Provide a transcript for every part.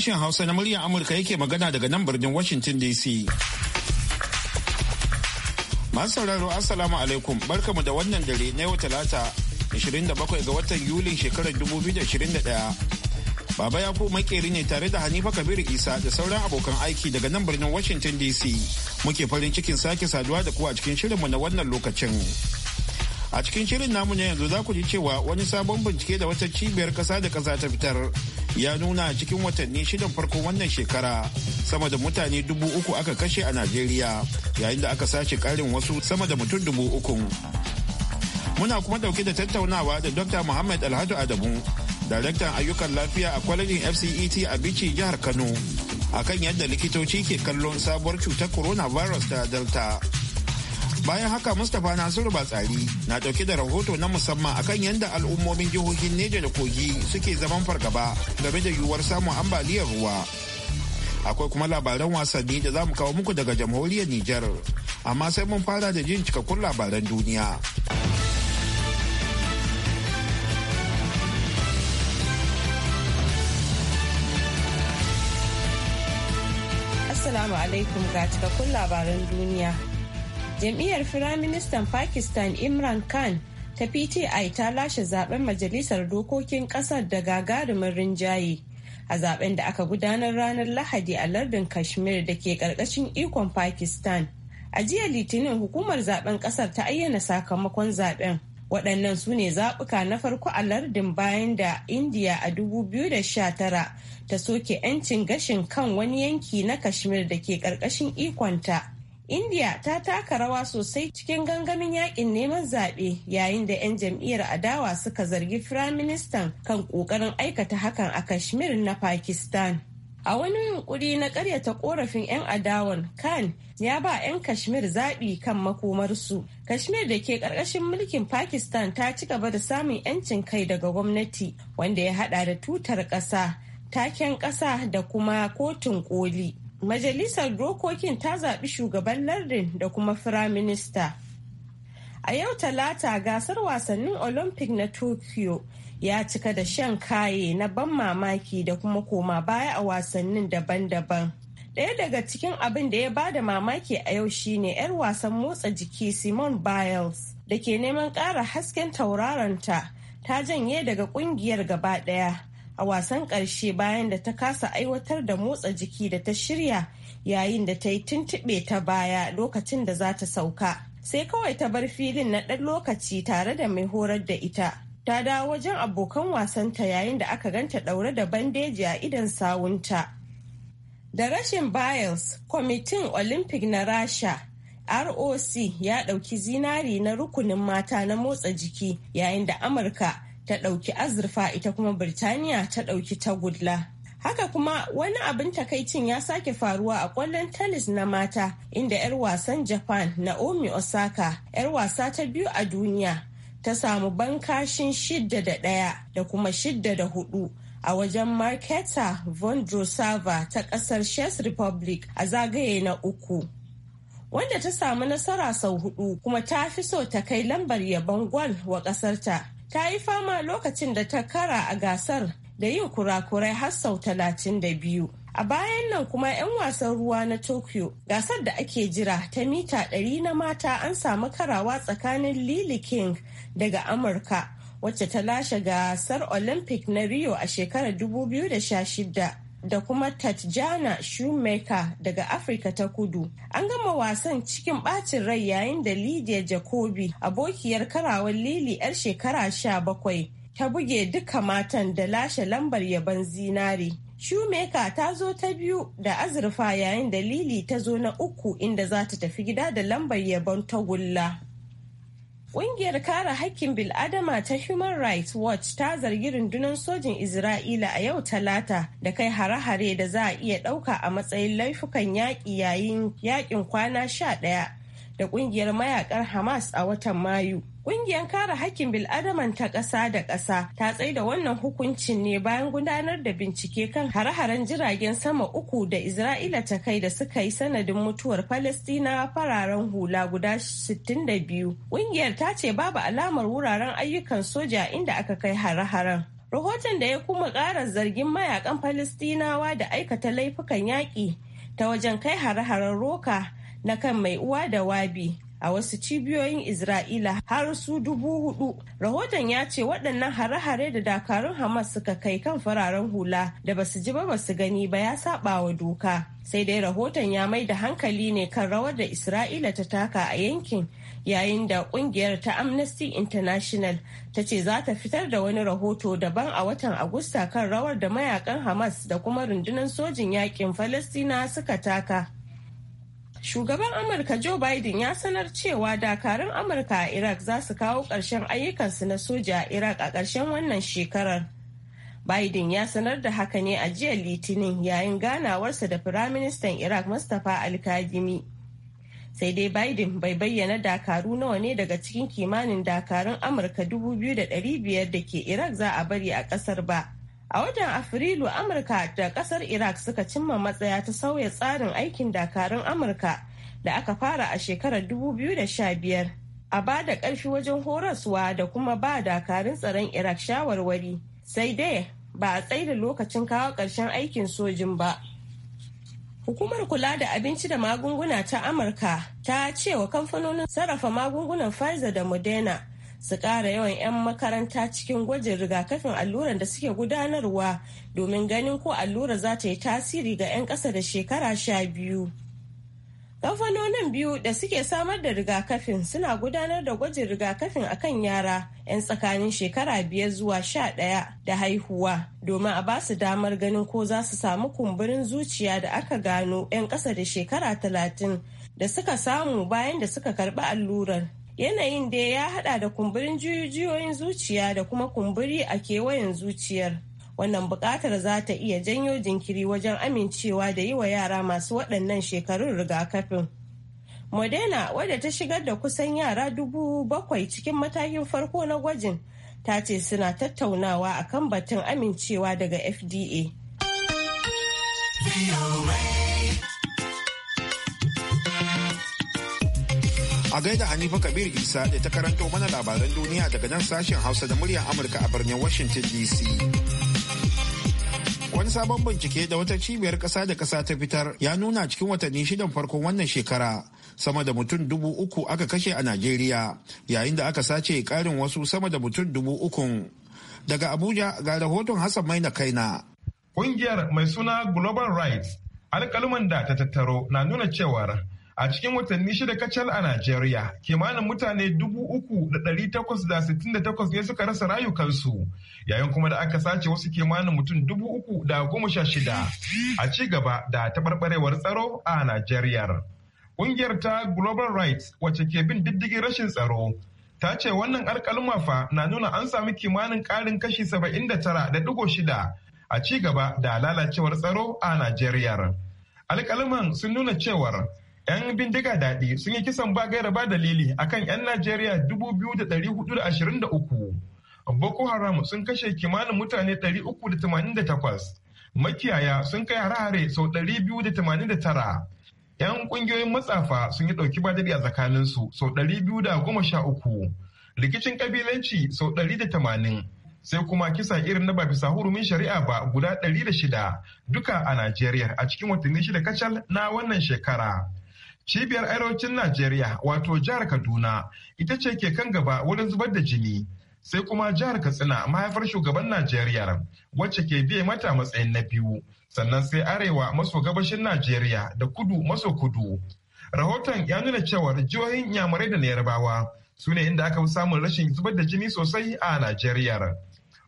sashen Hausa na muryar Amurka yake magana daga nan birnin Washington DC. Masu sauraro Assalamu alaikum barkamu da wannan dare na yau talata 27 ga watan Yulin shekarar 2021. Baba ya makeri ne tare da Hanifa Kabiru Isa da sauran abokan aiki daga nan birnin Washington DC. Muke farin cikin sake saduwa da kuwa a cikin shirinmu na wannan lokacin. A cikin shirin namu na yanzu za ku ji cewa wani sabon bincike da wata cibiyar ƙasa da kasa ta fitar ya nuna cikin watanni shidan farko wannan shekara sama da mutane dubu uku aka kashe a najeriya yayin da aka sace karin wasu sama da mutum dubu uku muna kuma dauke da tattaunawa da dr muhammad alhadu adamu daraktan ayyukan lafiya a kwalejin fcet a bici jihar kano akan yadda likitoci ke kallon sabuwar cutar coronavirus ta delta bayan haka mustapha nasiru batsari na dauke da rahoto na musamman akan yadda al'ummomin jihohin neja da kogi suke zaman fargaba game da yiwuwar samun ambaliyar ruwa akwai kuma labaran wasanni da za mu kawo muku daga jamhuriyar nijar amma sai mun fara da jin cikakkun labaran duniya Assalamu alaikum ga cikakkun labaran duniya jam'iyyar firaministan pakistan imran khan ta pti ta lashe zaben majalisar dokokin kasar da gagarumin rinjaye a zaben da aka gudanar ranar lahadi a lardin kashmir da ke karkashin ikon pakistan a jiya litinin hukumar zaben kasar ta ayyana sakamakon zaben waɗannan su ne zaɓuka na farko a lardin bayan da indiya a 2019 ta soke 'yancin gashin kan wani yanki na kashmir da ke ƙarƙashin ikonta India ta taka rawa sosai cikin gangamin yakin neman zaɓe yayin da 'yan jam'iyyar adawa suka zargi firaministan kan ƙoƙarin aikata hakan a Kashmir na Pakistan. A wani yunkuri na karyata korafin 'yan adawan Khan ya ba 'yan Kashmir zaɓi kan makomarsu. Kashmir da ke ƙarƙashin mulkin Pakistan ta ci gaba da samun 'yancin kai daga gwamnati wanda ya haɗa da tutar ƙasa, taken ƙasa da kuma kotun koli Majalisar dokokin ta zaɓi shugaban lardin da kuma firaminista. A yau talata gasar wasannin Olympic na Tokyo ya cika da shan kaye na ban mamaki da kuma koma baya a wasannin daban-daban. Ɗaya daga cikin abin da ya ba da mamaki a yau shine 'yar wasan motsa jiki Simon Biles da ke neman ƙara hasken tauraronta ta janye daga ƙungiyar gaba ɗaya a wasan ƙarshe bayan da ta kasa aiwatar da motsa jiki da ta shirya yayin da ta yi tuntuɓe ta baya lokacin da za ta sauka. Sai kawai ta bar filin na ɗan lokaci tare da mai horar da ita. Ta dawo wajen abokan wasanta yayin da aka ganta ɗaure da bandeji a idon sawunta. Da rashin Biles, kwamitin Olympic na Rasha ROC ya ɗauki zinari na rukunin mata na motsa jiki yayin da Amurka ta ɗauki azurfa ita kuma Birtaniya ta ɗauki tagulla. Haka kuma wani abin takaicin ya sake faruwa a kwallon tennis na mata inda 'yar wasan Japan Naomi Osaka 'yar wasa ta biyu a duniya ta samu bankashin shidda da ɗaya da kuma shidda da hudu a wajen Marketa drosava ta ƙasar Czech Republic a zagaye na uku. Wanda ta samu nasara sau hudu kuma ta fi so ta kai lambar yabon gwal wa ƙasarta. ta yi fama lokacin da ta kara a gasar da yin kurakurai har sau talatin da biyu. A bayan nan kuma 'yan wasan ruwa na Tokyo gasar da ake jira ta mita 100 na mata an samu karawa tsakanin Lily King daga Amurka wacce ta lashe gasar Olympic na Rio a shekarar 2016 da kuma Tatjana Shoemaker daga Afirka ta Kudu. An gama wasan cikin ɓacin rai yayin da Lydia Jacobi abokiyar karawar Lili 'yar shekara sha bakwai ta buge duka matan da lashe lambar yaban zinari. Shoemaker ta zo ta biyu da azurfa yayin da Lili ta zo na uku inda za ta tafi gida da lambar yabon tagulla. Ƙungiyar kare hakkin bil'adama ta Human Rights Watch ta zargi rundunar sojin Isra'ila a yau talata da kai hare-hare da za a iya ɗauka a matsayin laifukan yaƙi yayin yaƙin kwana sha ɗaya da ƙungiyar mayaƙar Hamas a watan Mayu. Ƙungiyar kare hakkin bil'adaman ta ƙasa da ƙasa ta tsaida wannan hukuncin ne bayan gudanar da bincike kan hare-haren jiragen sama uku da Isra'ila ta kai da suka yi sanadin mutuwar Falastina fararen hula guda 62. Ƙungiyar ta ce babu alamar wuraren ayyukan soja inda aka kai hare-haren. Rahoton da ya kuma ƙara zargin mayakan Falistinawa da aikata laifukan yaƙi ta wajen kai hare-haren roka na kan mai uwa da wabi. a wasu cibiyoyin Isra'ila har su dubu hudu. Rahoton ya ce waɗannan hare-hare da dakarun Hamas suka kai kan fararen hula da basu ji ba basu gani ba ya saba wa doka. Sai dai rahoton ya mai da hankali ne kan rawar da Isra'ila ta taka a yankin yayin da kungiyar ta Amnesty International ta ce za ta fitar da wani rahoto daban a watan Agusta kan rawar da mayakan Hamas da kuma rundunar sojin yakin Falastina suka taka. Shugaban Amurka Joe Biden ya sanar cewa dakarun Amurka a Iraq za su kawo ƙarshen ayyukansu na soja a Iraq a ƙarshen wannan shekarar. Biden ya sanar da haka ne a jiya Litinin yayin ganawarsa da Firaministan Iraq Mustapha Alkadimi. Sai dai Biden bai bayyana dakaru nawa ne daga cikin kimanin dakarun Amurka 2,500 da ke Iraq za a bari a ƙasar ba. A watan Afrilu Amurka da kasar Iraq suka cimma matsaya ta sauya tsarin aikin dakarun Amurka da aka fara a shekarar 2015 a ba da ƙarfi wajen horaswa da kuma ba dakarun tsaron Iraq shawarwari. Sai dai ba a tsaida lokacin kawo ƙarshen aikin sojin ba. Hukumar kula da abinci da magunguna ta Amurka ta ce wa kamfanonin sarrafa magungunan Pfizer da Moderna su ƙara yawan 'yan makaranta cikin gwajin rigakafin alluran da suke gudanarwa domin ganin ko allura za ta yi tasiri ga 'yan ƙasa da shekara sha biyu. Kamfanonin biyu da suke samar da rigakafin suna gudanar da gwajin rigakafin a kan yara 'yan tsakanin shekara biyar zuwa sha ɗaya da haihuwa domin a basu damar ganin ko za su samu kumburin zuciya da aka gano 'yan ƙasa da shekara talatin da suka samu bayan da suka karɓi allurar Yanayin da ya hada da kumburin jijiyoyin zuciya da kuma kumburi a kewayen zuciyar. Wannan bukatar za ta iya janyo jinkiri wajen amincewa da yi wa yara masu waɗannan shekarun rigakafin. Modena wadda ta shigar da kusan yara dubu bakwai cikin matakin farko na gwajin ta ce suna tattaunawa akan batun amincewa daga FDA. A gaida Hanifa Kabir Isa da ta karanto mana labaran duniya daga nan sashen Hausa da muryar Amurka a birnin Washington DC. Wani sabon bincike da wata cibiyar ƙasa da ƙasa ta fitar ya nuna cikin watanni shidan farkon wannan shekara sama da mutum dubu uku aka kashe a Najeriya yayin da aka sace karin wasu sama da mutum dubu ukun. Daga Abuja ga rahoton Hassan Maina Kaina. Ƙungiyar mai suna Global Rights alƙaluman da ta tattaro na nuna cewar A cikin watanni shida kacal a Najeriya, kimanin mutane dubu uku da ne suka rasa rayukansu, yayin kuma da aka sace wasu kimanin mutum dubu uku goma sha shida a cigaba gaba da taɓarɓarewar tsaro a Najeriya. Ƙungiyar ta Global Rights wacce ke bin diddigin rashin tsaro ta ce wannan alkalma fa na nuna an sami kimanin ƙarin kashi saba'in da tara shida a ci gaba da lalacewar tsaro a Najeriya. Alkalman sun nuna cewar 'Yan bindiga daɗi sun yi kisan ba gaira ba dalili akan 'yan Najeriya 2,423. Boko Haram sun kashe kimanin mutane 388. Makiyaya sun kai hare-hare sau 289. 'Yan ƙungiyoyin matsafa sun yi ɗauki ba daɗi a tsakaninsu sau 213. Rikicin ƙabilanci sau 180. sai kuma kisa irin na ba bisa hurumin shari'a ba guda 106 duka a Najeriya a cikin watanni shida kacal na wannan shekara. Cibiyar arewacin Najeriya wato jihar Kaduna ita ce ke kan gaba wurin zubar da jini. Sai kuma jihar Katsina mahaifar shugaban Najeriya wacce ke biye mata matsayin na biyu. Sannan sai arewa maso gabashin Najeriya da kudu maso kudu. Rahoton ya nuna cewar jihohin Inyamurai da na Yarbawa su ne inda aka fi samun rashin zubar da jini sosai a Najeriya.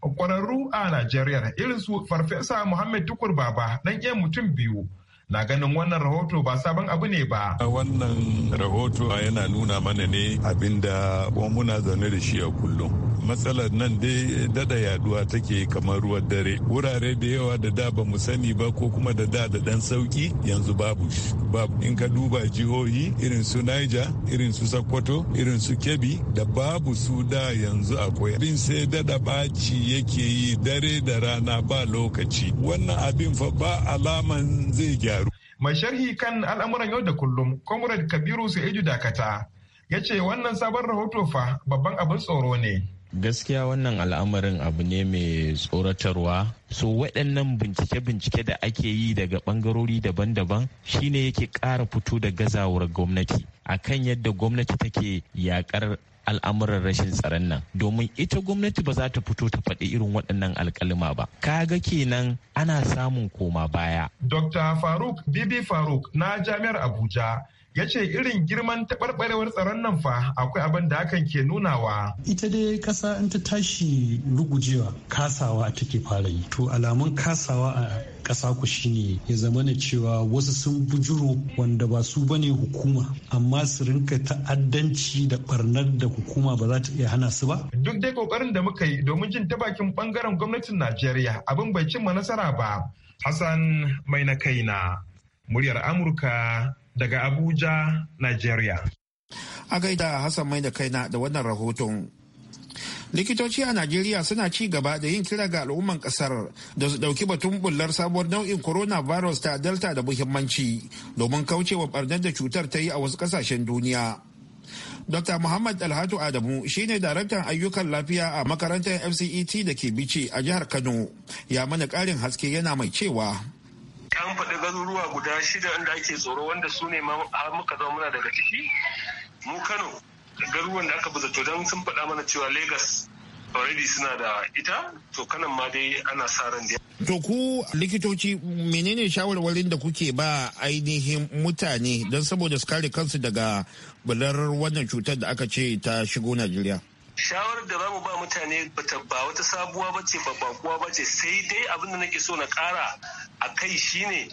Kwararru a Najeriya irin su Farfesa Muhammad Tukur Baba ɗan iya mutum biyu na ganin wannan rahoto ba sabon abu ne ba. Wannan rahoto yana nuna mana ne abinda kuma muna zaune da shi a kullum. matsalar nan dai dada yaduwa take kamar ruwan dare wurare da yawa da da ba mu sani ba ko kuma da da da dan sauki yanzu babu babu in ka duba jihohi irin su Niger irin su Sokoto irin su Kebbi da babu su da yanzu akwai abin sai dada baci yake yi dare da rana ba lokaci wannan abin fa ba alaman zai gyaru mai sharhi kan al'amuran yau da kullum comrade kabiru sai dakata ya ce wannan sabon rahoto fa babban abin tsoro ne gaskiya wannan al'amarin abu ne mai tsoratarwa so waɗannan bincike-bincike da ake yi daga ɓangarori daban-daban shine yake ƙara fito da gazawar gwamnati akan yadda gwamnati take yaƙar al'amuran rashin tsaron nan domin ita gwamnati ba za ta fito ta faɗi irin waɗannan alƙalima ba Ka ga kenan ana samun koma baya dr faruk bibi faruk na jami'ar abuja ya ce irin girman taɓarɓarewar tsaron nan fa akwai abin da hakan ke nunawa. Ita dai ƙasa in ta tashi rugujewa kasawa take fara yi. To alamun kasawa a ƙasa ku ne ya zama na cewa wasu sun bujuro wanda ba su bane hukuma amma su rinka ta'addanci da barnar da hukuma ba za ta iya hana su ba. Duk dai ƙoƙarin da muka yi domin jin ta bakin ɓangaren gwamnatin Najeriya abin bai cimma nasara ba. Hassan mai na kaina muryar Amurka daga Abuja, Nigeria. A gaida Hassan mai da kaina da wannan rahoton. Likitoci a Najeriya suna ci gaba da yin kira ga al'umman kasar da su ɗauki batun bullar sabuwar nau'in coronavirus ta Delta da muhimmanci domin kaucewa barnar da cutar ta yi a wasu ƙasashen duniya. Dr. Muhammad Alhatu Adamu shine daraktan ayyukan lafiya a makarantar FCET da ke bice a jihar Kano. Ya mana ƙarin haske yana mai cewa. an faɗi garuruwa guda shida inda ake tsoro wanda su ne har muka zama muna daga ciki mu kano garuruwan da aka bi zato don sun faɗa mana cewa lagos already suna da ita to kanan ma dai ana sa ran da to ku likitoci menene shawarwarin da kuke ba ainihin mutane don saboda su kare kansu daga bular wannan cutar da aka ce ta shigo najeriya shawarar da zamu ba mutane ba wata sabuwa ba ce ba bakuwa ba ce sai dai abin da nake so na kara a kai shine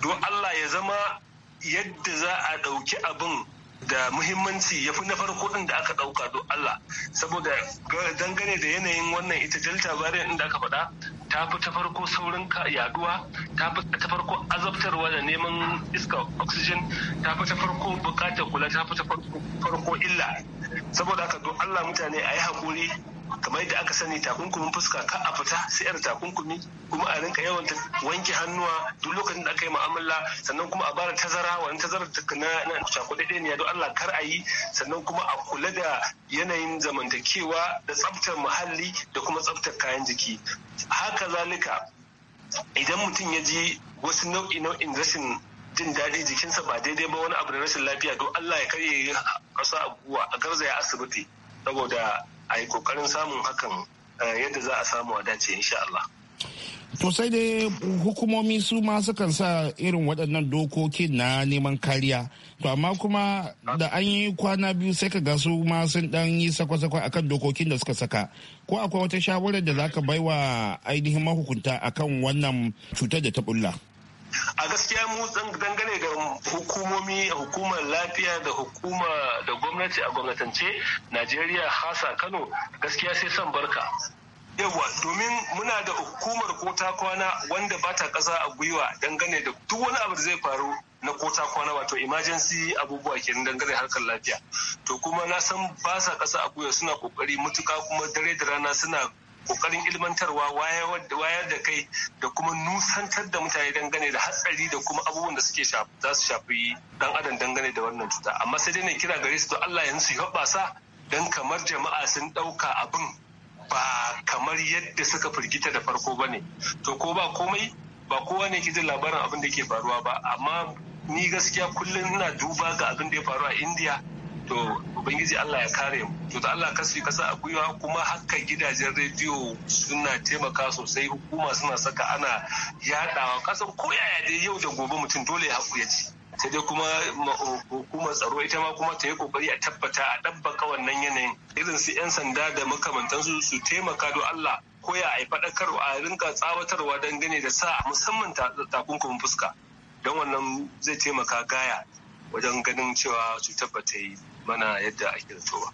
don Allah ya zama yadda za a ɗauki abin da muhimmanci ya fi na farko ɗin da aka ɗauka don Allah saboda dangane da yanayin wannan ita delta variant din aka faɗa ta fi ta farko saurin yaduwa ta fi ta farko azabtarwa da neman iska oxygen ta fi ta farko bukatar kula ta fi ta farko illa saboda aka don Allah mutane a yi haƙuri kamar yadda aka sani takunkumin fuska ka a fita sai yar takunkumi kuma a rinka yawan wanke hannuwa duk lokacin da aka yi mu'amala sannan kuma a bara tazara wani tazara na cakuɗe ne don Allah kar a yi sannan kuma a kula da yanayin zamantakewa da tsaftar muhalli da kuma tsaftar kayan jiki haka zalika idan mutum ya ji wasu nau'i nau'in rashin jin daɗi jikinsa ba daidai ba wani abu da rashin lafiya don Allah ya karye kasa a guwa a garzaya asibiti saboda a yi kokarin samun hakan eh, yadda za a samu a dace insha Allah. To sai dai hukumomi su ma sukan sa irin waɗannan dokokin na neman kariya. To amma kuma da an yi kwana biyu sai ka ga su ma sun ɗan yi sakwasakwa sakwa akan dokokin da suka saka. Ko akwai wata shawarar da za ka baiwa ainihin mahukunta akan wannan cutar da ta bulla? a gaskiya mu dangane ga hukumomi hukumar lafiya da hukuma da gwamnati a gwamnatance najeriya hasa kano gaskiya sai son barka yawa domin muna da hukumar kota kwana wanda ba ta kasa a gwiwa dangane da duk wani abu da zai faru na kota kwana wato emergency abubuwa kenan dangane harkar lafiya to kuma na san ba sa kasa a gwiwa suna kokari mutuka kuma dare da rana suna kokarin ilmantarwa wayar da kai da kuma nusantar da mutane dangane da hatsari da kuma abubuwan da suke za su shafi dan adam dangane da wannan cuta amma sai dai na kira gare su to Allah yanzu su sa dan kamar jama'a sun ɗauka abin ba kamar yadda suka firgita da farko bane to ko ba komai ba kowa ne ke jin labarin abin da ke faruwa ba amma ni gaskiya kullum ina duba ga abin da ya faru a India to ubangiji Allah ya kare mu to Allah kasu kasa a gwiwa kuma haka gidajen rediyo suna taimaka sosai hukuma suna saka ana yadawa kasan ko yaya dai yau da gobe mutum dole ya haƙu ya ci sai dai kuma hukumar tsaro ita ma kuma ta yi kokari a tabbata a ɗabbaka wannan yanayin irin su 'yan sanda da makamantansu su taimaka don Allah koya a yi faɗakar a rinka tsawatarwa dangane da sa musamman takunkumin fuska don wannan zai taimaka gaya wajen ganin cewa cutar ba yi bana yadda ake ba.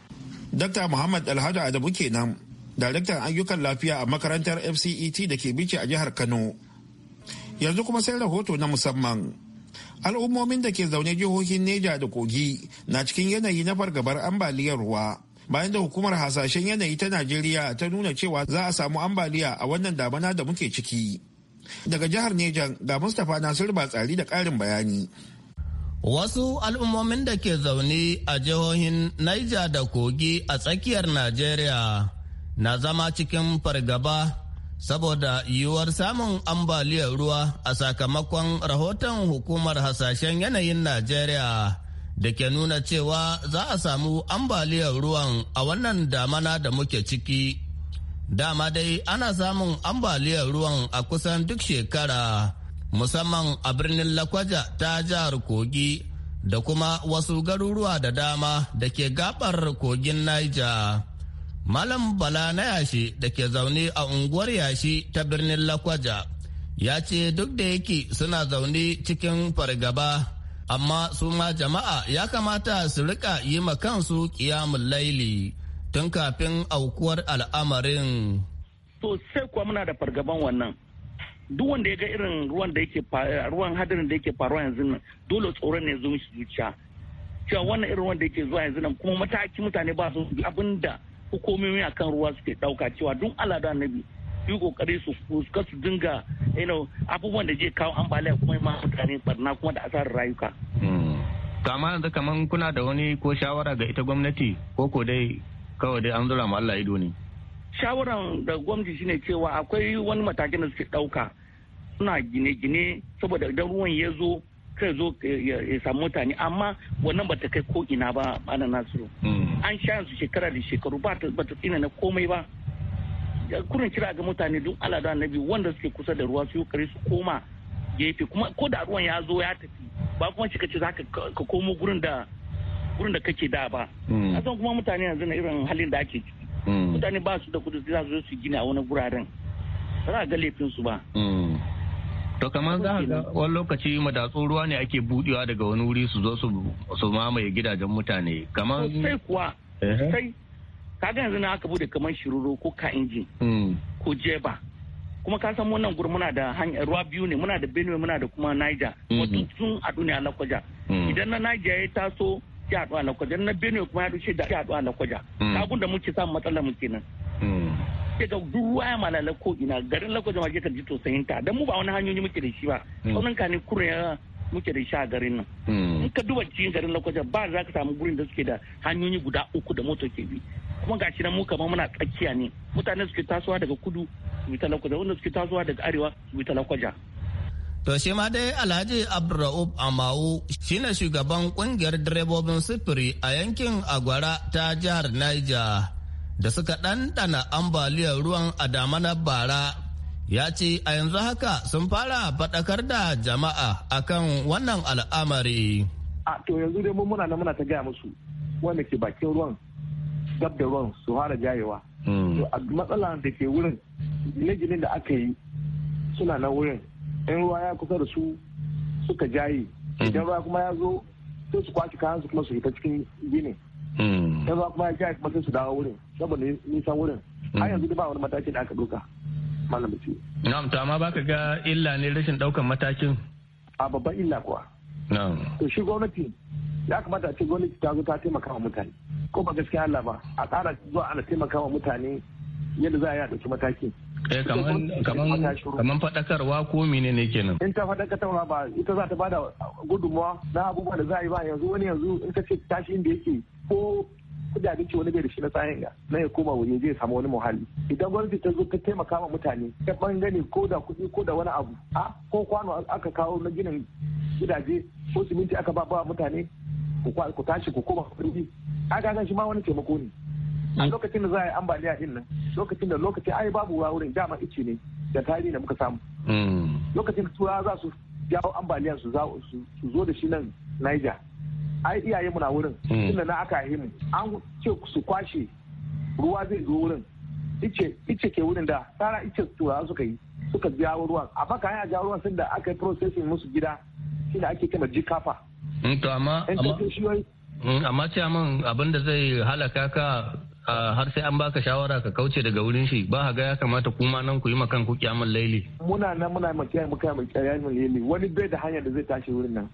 Dr. Muhammad Alhadu Adamu nan, daraktan ayyukan lafiya a makarantar FCET da ke bici a jihar Kano. Yanzu kuma sai rahoto na musamman. Al'ummomin da ke zaune jihohin Neja da Kogi na cikin yanayi na fargabar ambaliyar ruwa. Bayan da hukumar hasashen yanayi ta Najeriya ta nuna cewa za a samu ambaliya a wannan damana da muke ciki. Daga jihar Neja ga Mustapha Nasiru tsari da ƙarin bayani. Wasu al'ummomin da ke zaune a jihohin Niger da Kogi a tsakiyar Najeriya na zama cikin fargaba saboda yiwuwar samun ambaliyar ruwa a sakamakon rahoton hukumar hasashen yanayin Najeriya da ke nuna cewa za a samu ambaliyar ruwan a wannan damana da muke ciki. Dama dai ana samun ambaliyar ruwan a kusan duk shekara. musamman a birnin Lakwaja ta jihar Kogi da kuma wasu garuruwa da dama da ke gabar kogin Niger. Malam Bala na yashi da ke zaune a unguwar yashi ta birnin Lakwaja ya ce duk da yake suna zaune cikin fargaba amma su ma jama'a ya kamata su rika yi ma kansu kiyamun laili tun kafin aukuwar al'amarin. To sai kuwa muna da fargaban wannan. duk wanda ya ga irin ruwan da yake ruwan hadarin da yake faruwa yanzu nan dole tsoron ne zo mishi zuciya cewa wannan irin wanda yake zuwa yanzu nan kuma mataki mutane ba su abin da hukumomi kan ruwa suke dauka cewa duk alada da annabi yi kokari su su dinga abubuwan da zai kawo ambaliya kuma ma mutane barna kuma da asarar rayuka. kama hmm. yanzu kaman kuna da wani ko shawara ga ita gwamnati ko ko dai kawai dai an zura ma Allah ido ne. shawaran da gwamnati shine cewa akwai wani matakin da suke ɗauka suna gine-gine saboda idan ruwan ya zo kai zo ya samu mutane amma wannan bata kai ko ina ba ana nasu mm. an sha su shekara da shekaru ba ta tsina na komai ba kurin kira ga mutane duk al'ada na biyu wanda suke kusa da ruwa su kare su koma gefe kuma ko da ruwan ya zo ya tafi ba kuma shi kace zaka ka komo gurin da gurin da kake da ba mm. san kuma mutane yanzu na irin halin da ake Mm. mutane ba su da kudi za su su gina a wani guraren ba ga laifin su ba mm. to kamar za ga wani lokaci madatsun ruwa ne ake budewa daga wani wuri su zo su mamaye gidajen mutane kamar sai kuwa sai ka ga yanzu na aka bude kamar shiruro ko ka inji mm. ko jeba kuma ka san wannan gurin muna da hanyar ruwa biyu ne muna da benue muna da kuma niger wato tun mm-hmm. a duniya lakwaja idan na niger ya taso ya na a na benue kuma ya rushe da ya na kwaja lakwaja abun da muke samun matsalar mu kenan hmm. sai ga duk waya na ko ina garin lakwaja ma ka ji tosayin ta dan mu ba wani hanyoyi muke da shi ba hmm. tsaunuka ne kuren muke da shi a garin nan hmm. in ka duba cikin garin lakwaja ba za ka samu gurin da suke da hanyoyi guda uku da moto ke bi kuma shi nan mu kamar muna tsakiya ne mutane suke tasowa daga kudu su bi ta lakwaja wanda suke tasowa daga arewa su bi ta lakwaja To shi ma dai Alhaji Abdurra'ub Amawu shine shugaban kungiyar direbobin sifiri a yankin Agwara ta jihar Niger da suka ɗanɗana ambaliyar ruwan a damanar bara ya ce a yanzu haka sun fara faɗakar da jama'a akan wannan al'amari. A to yanzu dai mun muna na muna ta gaya musu wanda ke bakin ruwan gab da ruwan su fara jayewa. Hmm. da ke wurin gine-ginen da aka yi suna na wurin in ruwa ya kusa da su suka jaye hmm. idan ruwa kuma ya zo sai su kwaci kayan su kuma su fita cikin gini hmm. in ruwa kuma ya jaye kuma sai su dawo wurin saboda nisan wurin hmm. har yanzu ba wani mataki da aka doka malam ce na'am to amma baka ga illa ne rashin daukan matakin a babban illa kuwa to shi gwamnati ya kamata a ce gwamnati ta zo ta taimaka wa mutane ko ba gaskiya Allah ba a tsara zuwa ana taimaka wa mutane yadda za a yi a ɗauki matakin? eh kaman fadakarwa ko mene ne kenan in ta fadakarwa ba ita za ta bada gudunmawa na abubuwa da za a yi ba yanzu wani yanzu in ka ce tashi inda yake ko da abinci wani bai da shi na tsayin ga na ya koma waje zai samu wani muhalli idan gwamnati ta zo ta taimaka wa mutane ta bangare ko da kuɗi ko da wani abu a ko kwano aka kawo na ginin gidaje ko siminti aka ba ba mutane ku tashi ku koma kurbi a ga shi ma wani taimako ne a mm. lokacin da za a yi ambaliya din nan lokacin da lokaci ai babu ruwa wurin dama ice ne da tarihi da muka samu hmm. lokacin da turawa za su jawo ambaliyar su zo da shi nan niger ai iyaye muna wurin hmm. tunda na aka yi mu an ce su kwashe ruwa zai zo wurin ice ice ke wurin da tara ice turawa suka yi suka jawo ruwan a baka a jawo ruwan sun da aka yi processing musu gida shi da ake kama jikafa hmm, to amma amma amma ce abin da zai halaka ka har sai an baka shawara ka kauce daga wurin shi ba ga ya kamata kuma nan ku yi makan ku kiyamun laili muna nan muna yi makiyayi muka yi kiyamun laili wani bai da hanyar da zai tashi wurin nan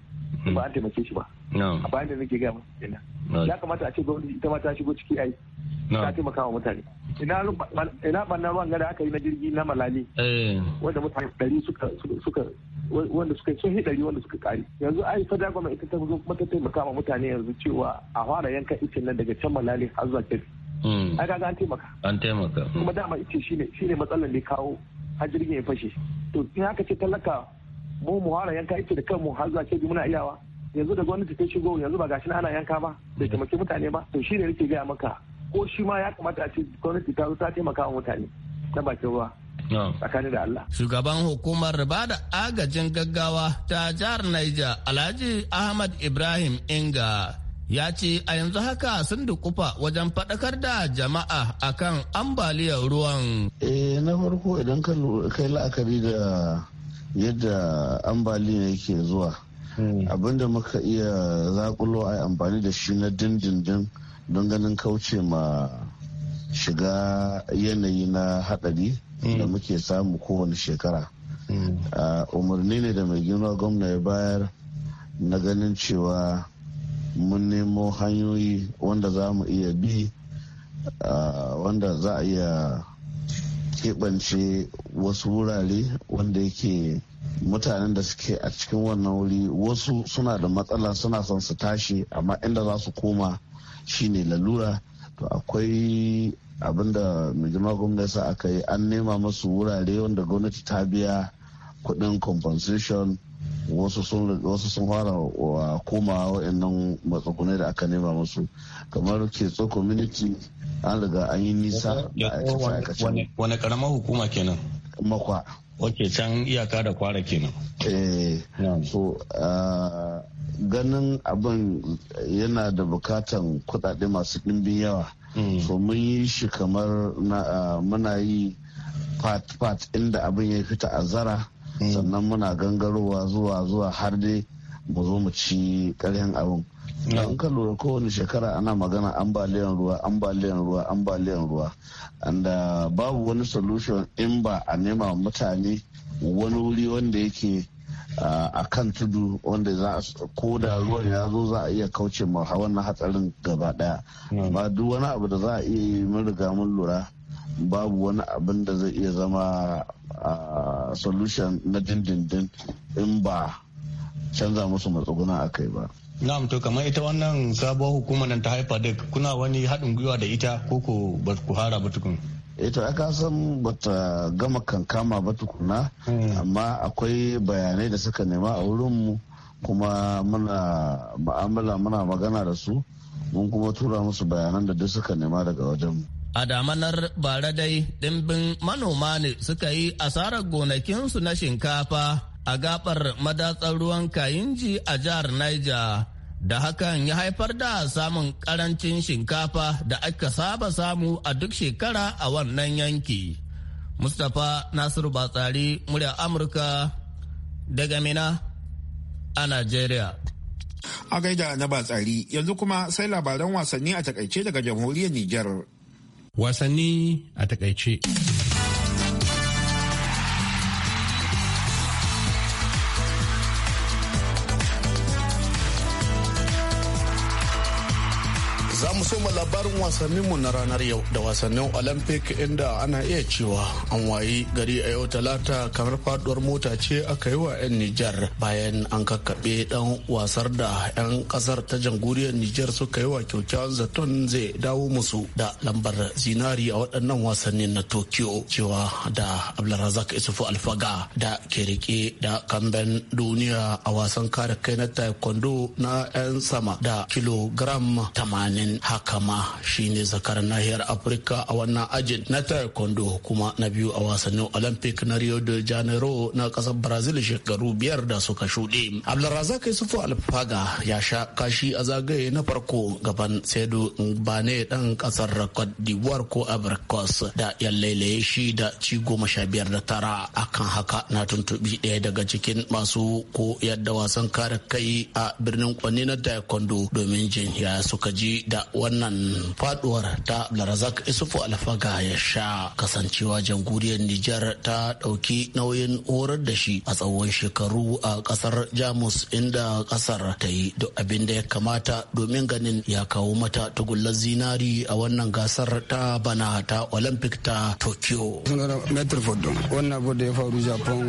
ba an taimake shi ba a bayan da nake gaya masa ya kamata a ce gwamnati ita ma ta shigo ciki ai ta taimaka wa mutane ina bannan ruwan gada aka yi na jirgi na malali eh. wanda mutane dari suka suka wanda suka sun hidari wanda suka kare yanzu ai fada gwamnati ita ta zo kuma ta taimaka wa mutane yanzu cewa a fara yankan ikin nan daga can malali har zuwa kirki Mm. ai kaga an taimaka an taimaka mm. kuma dama ita shine shine matsalar da kawo har jirgin ya fashe to in haka ce talaka mu mu hara yanka ita da kanmu har zace bi muna iyawa yanzu da gwamnati ta shigo yanzu ba gashi ana yanka ba bai taimaki mutane ba to shine nake gaya maka ko shi ma ya kamata a ce gwamnati ta zo ta taimaka wa mutane na bakin ruwa tsakanin da Allah. Shugaban hukumar ba da agajin gaggawa ta jihar Niger Alhaji Ahmad Ibrahim Inga ya ce a yanzu haka sun dukufa wajen faɗakar da jama'a akan ambaliyar ruwan. Eh na farko idan ka kai la'akari da yadda ambaliya yake zuwa hmm. abinda muka iya zakulo a amfani da shi na dindindin don ganin kauce ma shiga yanayi na haɗari hmm. da muke samu kowane shekara. Hmm. Ah, umarni ne da mai gina gwamna ya bayar na ganin cewa mun nemo hanyoyi wanda za mu iya bi wanda za a iya keɓance wasu wurare wanda yake mutanen da suke a cikin wannan wuri wasu suna da matsala suna son su tashi amma inda za su koma shine lalura to akwai abinda mai girma gwamnati aka yi an nema masu wurare wanda gwamnati ta biya kudin compensation wasu sun fara wa koma wa'annan matsugunai da aka nema musu kamar tso community an riga an yi nisa da aikace-aikace wani karamar hukuma kenan makwa wake can iyaka da kwara kenan eh so ganin abin yana da bukatan kudade masu dimbin yawa mm. so mun yi shi kamar muna yi part-part inda abin ya fita a zara Eh. sannan muna gangarowa zuwa zuwa har dai mu zo mu ci karyan abin in ka lura kowane shekara ana magana ambaliyan ruwa ambaliyan ruwa ambaliyan ruwa da uh, babu wani solution in ba a nema mutane wani wuri wanda yake uh, a kan tudu wanda za ko da ruwan ya zo za a iya kauce ma na hatsarin gaba daya amma duk wani abu da za a iya yi mun riga mun lura babu wani abin da zai iya zama a solution na dindindin in ba canza musu matsuguna a kai ba. Na'am to kamar ita wannan sabuwar hukumar nan ta haifa duk kuna wani haɗin gwiwa da ita ko ko ba ku hara ba tukun. ita eh aka san bata gama kankama ba tukuna hmm. amma akwai bayanai da suka nema a wurinmu kuma muna ma'amala muna magana da su mun kuma tura musu bayanan da duk suka nema daga wajenmu. A damanar bara dai ɗimbin manoma ne suka yi asarar gonakinsu na shinkafa a gabar madatsar ruwan Kayinji a jihar Niger. Da hakan ya haifar da samun ƙarancin shinkafa da aka saba samu a duk shekara a wannan yanki. Mustapha Nasiru Batsari, murya Amurka daga Mina a Najeriya. A gaida na Batsari, yanzu kuma sai labaran wasanni a takaice daga jamhuriyar Nijar. Wasanni a takaice. mu soma labarin mu na ranar yau da wasannin Olympic inda ana iya cewa an wayi gari a yau talata kamar faduwar mota ce aka yi wa 'yan Nijar bayan an kakkaɓe dan wasar da 'yan kasar ta jamhuriyar Nijar suka yi wa kyaukyawan zaton zai dawo musu da lambar zinari a waɗannan wasannin na Tokyo cewa da Abdulrazak Isufu Alfaga da ke rike da kamben duniya a wasan kare kai na taekwondo na 'yan sama da kilogram 80 haka ma ne zakarar nahiyar afirka a wannan ajin na taekwondo kuma na biyu a wasannin olympic na rio de janeiro na kasar brazil shekaru biyar da suka shuɗe abdulrazak yusufu alfaga ya sha kashi a zagaye na farko gaban sedo bane dan kasar cote d'ivoire ko abrikos da ya lailaye shi da ci goma sha biyar da tara akan haka na tuntubi ɗaya daga cikin masu ko yadda wasan kare kai a birnin kwanne na taekwondo domin jin ya suka ji da wannan faduwar ta Abdulrazak Isufu Alfaga ya sha kasancewa jamhuriyar Nijar ta dauki nauyin horar da shi a tsawon shekaru a kasar Jamus inda kasar ta yi duk abin da ya kamata domin ganin ya kawo mata tugullar zinari a wannan gasar ta bana ta Olympic ta Tokyo. wannan abu da ya faru Japan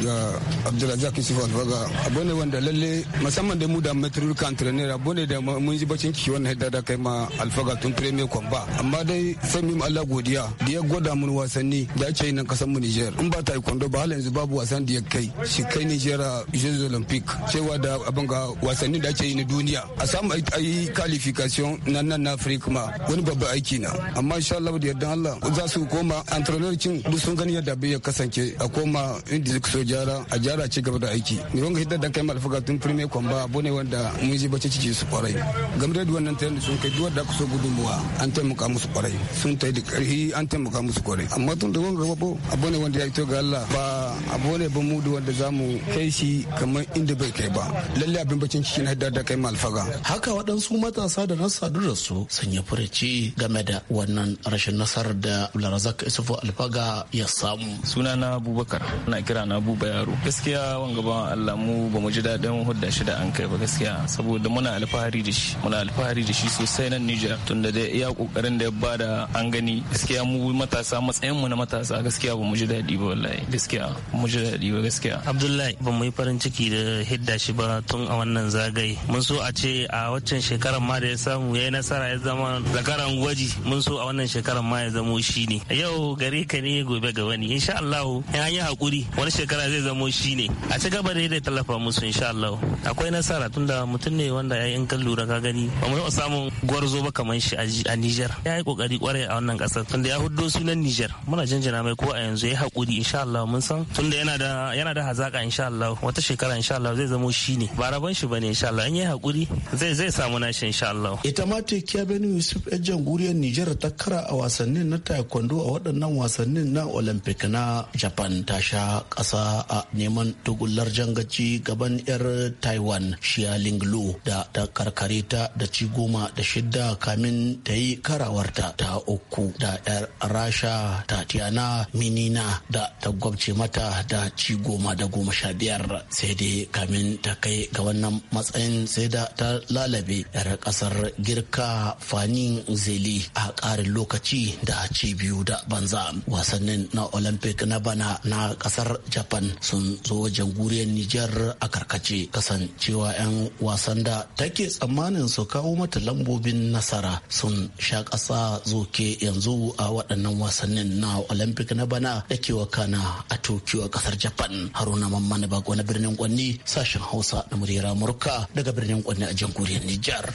ga Abdulrazak Isufu Alfaga abu ne wanda lalle musamman da mu da Metrol ne abu ne da mun ji bacin ki wannan da kai ma alfaga tun premier ba amma dai sai mu Allah godiya da ya gwada mun wasanni da ake yi nan kasar mu Niger in ba taekwondo ba halin yanzu babu wasan da ya kai shi kai Niger a Jeux Olympic cewa da abin ga wasanni da ake yi na duniya a samu ayi qualification na nan na Africa ma wani babban aiki na amma insha Allah da yardan Allah za su koma entrepreneur cin duk sun gani yadda bai ya kasance a koma inda suka so jara a jara ci gaba da aiki ni wanga hidda da kai ma alfaga tun premier kwamba abu ne wanda mun ji bace ciki su kwarai game da wannan tayin sun kai duwar da aka so gudunmuwa an taimaka musu kwarai sun ta da karfi an taimaka musu kwarai amma tun da wanga gabo abu ne wanda ya to ga Allah ba abu ne ba mu wanda za mu kai shi kamar inda bai kai ba lalle abin bacin ciki na da kai malfaga haka waɗansu matasa da na sadu da su sun yi furici game da wannan rashin nasarar da Larazak Isufu Alfaga ya samu na Abubakar na kira na Abuba yaro gaskiya wanga ba Allah mu ba mu ji daɗin hudda shi da an kai ba gaskiya saboda muna alfahari da shi muna alfahari da shi sosai nan Nijar tunda da iya kokarin da ya bada an gani gaskiya mu matasa matsayin mu na matasa gaskiya ba mu ji daɗi ba wallahi gaskiya ba mu ji daɗi ba gaskiya Abdullahi ba mu yi farin ciki da hidda shi ba tun a wannan zagaye mun so a ce a waccan shekarar ma da ya samu yayi nasara ya zama zakaran gwaji mun so a wannan shekarar ma ya zamo shi ne yau gare ka ne gobe ga wani insha Allah an yi hakuri wani shekara zai zamo shi ne a ci gaba da tallafa musu insha Allah akwai nasara tunda mutum ne wanda ya in kan lura ka gani ba mu samu gwarzo ba kamar shi a Niger ya yi kokari kwarai a wannan kasar tunda ya huddo sunan Niger muna jinjina mai ko a yanzu ya hakuri insha Allah mun san tunda yana da yana da hazaka insha Allah wata shekara insha Allah zai zamo shi ne ba raban shi bane insha Allah in ya hakuri zai zai samu nashi insha Allah ita ma kiya Benin Yusuf yan jamhuriyar Niger ta kara a wasannin na taekwondo a waɗannan wasannin na Olympic na Japan ta sha ƙasa a neman tugullar jangaci gaban 'yar Taiwan Xia Ling Lu da ta karkare ta da ci goma da shidda kamin ta yi karawarta ta uku da 'yar rasha tatiana minina da ta gwabce mata da ci goma da goma sha biyar sai dai kamin ta kai ga wannan matsayin sai da ta lalabe 'yar kasar girka fani zeli a ƙarin lokaci da ci biyu da banza wasannin na olympic na bana na kasar japan sun zo wajen guriyar niger a karkace kasancewa 'yan wasan da take tsammanin su kawo mata lambu mambobin nasara sun sha ƙasa zoke yanzu a waɗannan wasannin na olympic na bana da ke wakana a tokyo a ƙasar japan haruna mamman bako na birnin kwanni sashen hausa na muryar amurka daga birnin kwanni a jamhuriyar nijar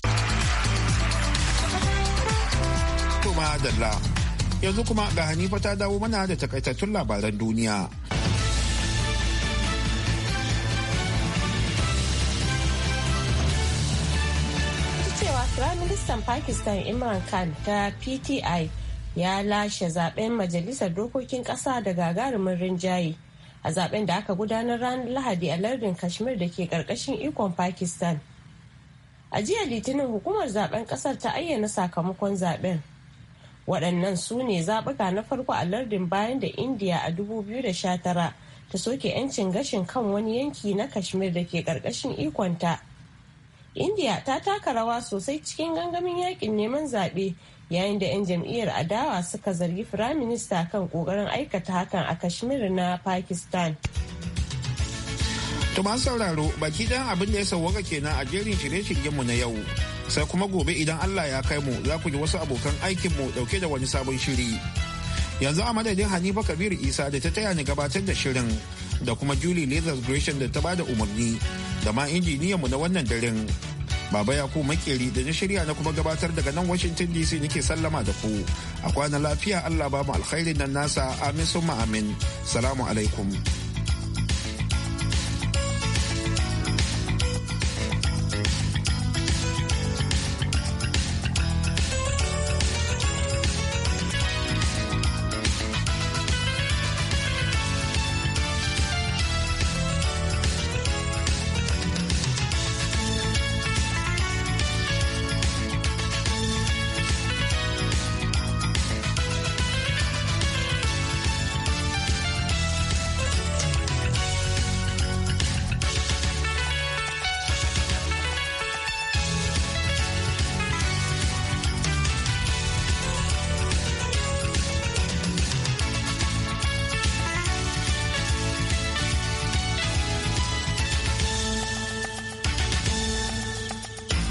yanzu kuma ga hanifa ta dawo mana da takaitattun labaran duniya Firaministan Pakistan Imran Khan ta PTI ya lashe zaben Majalisar Dokokin kasa da gagarumin rinjaye a zaben da aka gudanar ranar Lahadi a lardin Kashmir da ke karkashin ikon Pakistan. A jiya Litinin hukumar zaben kasar ta ayyana sakamakon zaben. Waɗannan su ne zaɓuka na farko a lardin bayan da Indiya a 2019 ta soke 'yancin gashin kan wani yanki na Kashmir da ke ƙarƙashin ikonta. india ta taka rawa sosai cikin gangamin yakin neman zaɓe yayin da 'yan jam'iyyar adawa suka zargi firaminista kan ƙoƙarin aikata hakan a kashmir na pakistan tuma sauraro baki ɗan abin da ya sauwaka kenan a jerin shirye-shiryenmu na yau. Sai kuma gobe idan Allah ya kai mu za ku ji wasu abokan aikinmu ɗauke da wani sabon shiri. yanzu a madadin hanifa kabiru isa da ta taya ni gabatar da shirin da kuma julie leathers gresham da ta bada umarni da ma injiniyanmu na wannan darin baba ya ku makeri da na shirya na kuma gabatar daga nan washington dc nake sallama da ku a kwana lafiya allah ba mu alkhairin nan nasa amin summa amin salamu alaikum